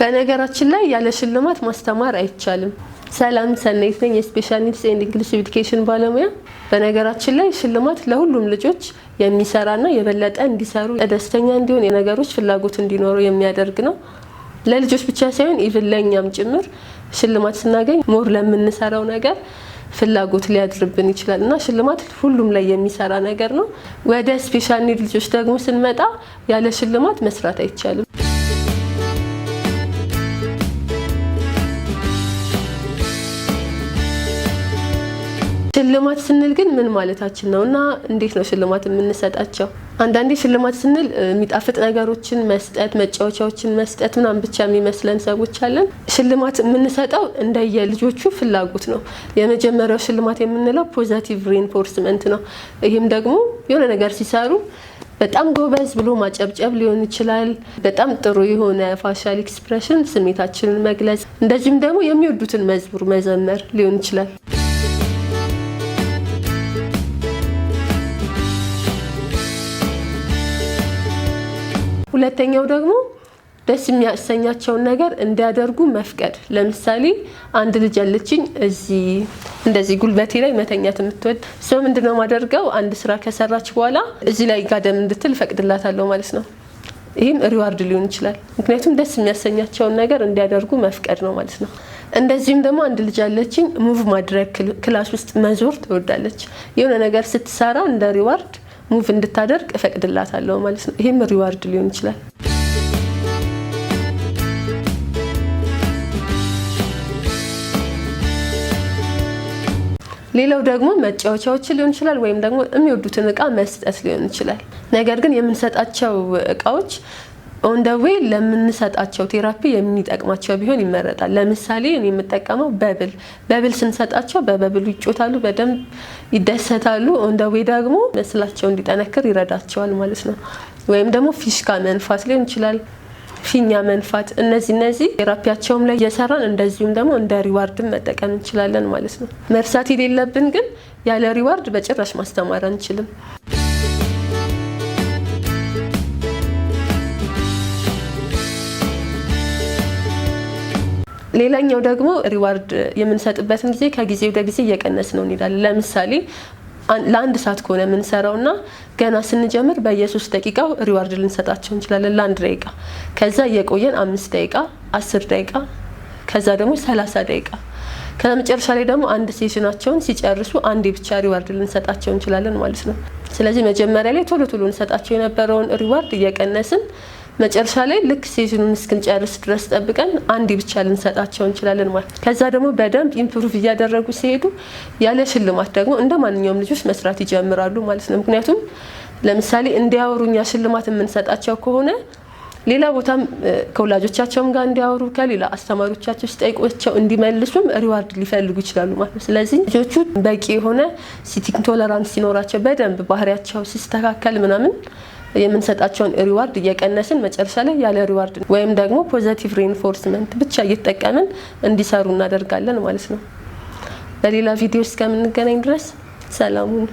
በነገራችን ላይ ያለ ሽልማት ማስተማር አይቻልም። ሰላም ሰናይት ነኝ፣ የስፔሻል ኒድስ ኤንድ እንግሊሽ ኤዱኬሽን ባለሙያ። በነገራችን ላይ ሽልማት ለሁሉም ልጆች የሚሰራና የበለጠ እንዲሰሩ ደስተኛ እንዲሆን የነገሮች ፍላጎት እንዲኖሩ የሚያደርግ ነው። ለልጆች ብቻ ሳይሆን ኢቭን ለእኛም ጭምር ሽልማት ስናገኝ ሞር ለምንሰራው ነገር ፍላጎት ሊያድርብን ይችላል እና ሽልማት ሁሉም ላይ የሚሰራ ነገር ነው። ወደ ስፔሻል ኒድ ልጆች ደግሞ ስንመጣ ያለ ሽልማት መስራት አይቻልም። ሽልማት ስንል ግን ምን ማለታችን ነው እና እንዴት ነው ሽልማት የምንሰጣቸው? አንዳንዴ ሽልማት ስንል የሚጣፍጥ ነገሮችን መስጠት፣ መጫወቻዎችን መስጠት ምናምን ብቻ የሚመስለን ሰዎች አለን። ሽልማት የምንሰጠው እንደየልጆቹ ፍላጎት ነው። የመጀመሪያው ሽልማት የምንለው ፖዘቲቭ ሪንፎርስመንት ነው። ይህም ደግሞ የሆነ ነገር ሲሰሩ በጣም ጎበዝ ብሎ ማጨብጨብ ሊሆን ይችላል። በጣም ጥሩ የሆነ ፋሻል ኤክስፕሬሽን ስሜታችንን መግለጽ፣ እንደዚሁም ደግሞ የሚወዱትን መዝሙር መዘመር ሊሆን ይችላል። ሁለተኛው ደግሞ ደስ የሚያሰኛቸውን ነገር እንዲያደርጉ መፍቀድ። ለምሳሌ አንድ ልጅ ያለችኝ እዚህ እንደዚህ ጉልበቴ ላይ መተኛት የምትወድ እሷ ምንድነው ማደርገው አንድ ስራ ከሰራች በኋላ እዚህ ላይ ጋደም እንድትል እፈቅድላታለሁ ማለት ነው። ይህም ሪዋርድ ሊሆን ይችላል። ምክንያቱም ደስ የሚያሰኛቸውን ነገር እንዲያደርጉ መፍቀድ ነው ማለት ነው። እንደዚሁም ደግሞ አንድ ልጅ ያለችኝ ሙቭ ማድረግ ክላስ ውስጥ መዞር ትወዳለች። የሆነ ነገር ስትሰራ እንደ ሪዋርድ ሙቭ እንድታደርግ እፈቅድላታለሁ ማለት ነው። ይህም ሪዋርድ ሊሆን ይችላል። ሌላው ደግሞ መጫወቻዎች ሊሆን ይችላል ወይም ደግሞ የሚወዱትን እቃ መስጠት ሊሆን ይችላል። ነገር ግን የምንሰጣቸው እቃዎች ዌይ ለምንሰጣቸው ቴራፒ የሚጠቅማቸው ቢሆን ይመረጣል። ለምሳሌ እኔ የምጠቀመው በብል በብል ስንሰጣቸው በበብሉ ይጮታሉ፣ በደንብ ይደሰታሉ። ዌይ ደግሞ መስላቸው እንዲጠነክር ይረዳቸዋል ማለት ነው። ወይም ደግሞ ፊሽካ መንፋት ሊሆን ይችላል፣ ፊኛ መንፋት። እነዚህ እነዚህ ቴራፒያቸውም ላይ እየሰራን እንደዚሁም ደግሞ እንደ ሪዋርድን መጠቀም እንችላለን ማለት ነው። መርሳት የሌለብን ግን ያለ ሪዋርድ በጭራሽ ማስተማር አንችልም። ሌላኛው ደግሞ ሪዋርድ የምንሰጥበትን ጊዜ ከጊዜ ወደ ጊዜ እየቀነስ ነው እንሄዳለን። ለምሳሌ ለአንድ ሰዓት ከሆነ የምንሰራው እና ገና ስንጀምር በየሶስት ደቂቃው ሪዋርድ ልንሰጣቸው እንችላለን ለአንድ ደቂቃ። ከዛ እየቆየን አምስት ደቂቃ፣ አስር ደቂቃ ከዛ ደግሞ ሰላሳ ደቂቃ ከመጨረሻ ላይ ደግሞ አንድ ሴሽናቸውን ሲጨርሱ አንዴ ብቻ ሪዋርድ ልንሰጣቸው እንችላለን ማለት ነው። ስለዚህ መጀመሪያ ላይ ቶሎ ቶሎ እንሰጣቸው የነበረውን ሪዋርድ እየቀነስን መጨረሻ ላይ ልክ ሴሽኑን እስክንጨርስ ድረስ ጠብቀን አንዴ ብቻ ልንሰጣቸው እንችላለን ማለት ከዛ ደግሞ በደንብ ኢምፕሩቭ እያደረጉ ሲሄዱ ያለ ሽልማት ደግሞ እንደ ማንኛውም ልጆች መስራት ይጀምራሉ ማለት ነው። ምክንያቱም ለምሳሌ እንዲያወሩኛ ሽልማት የምንሰጣቸው ከሆነ ሌላ ቦታም ከወላጆቻቸውም ጋር እንዲያወሩ ከሌላ አስተማሪዎቻቸው ሲጠይቋቸው እንዲመልሱም ሪዋርድ ሊፈልጉ ይችላሉ ማለት ነው። ስለዚህ ልጆቹ በቂ የሆነ ሲቲንግ ቶለራንስ ሲኖራቸው በደንብ ባህሪያቸው ሲስተካከል ምናምን የምንሰጣቸውን ሪዋርድ እየቀነስን መጨረሻ ላይ ያለ ሪዋርድ ወይም ደግሞ ፖዘቲቭ ሪኢንፎርስመንት ብቻ እየተጠቀምን እንዲሰሩ እናደርጋለን ማለት ነው። በሌላ ቪዲዮ እስከምንገናኝ ድረስ ሰላሙን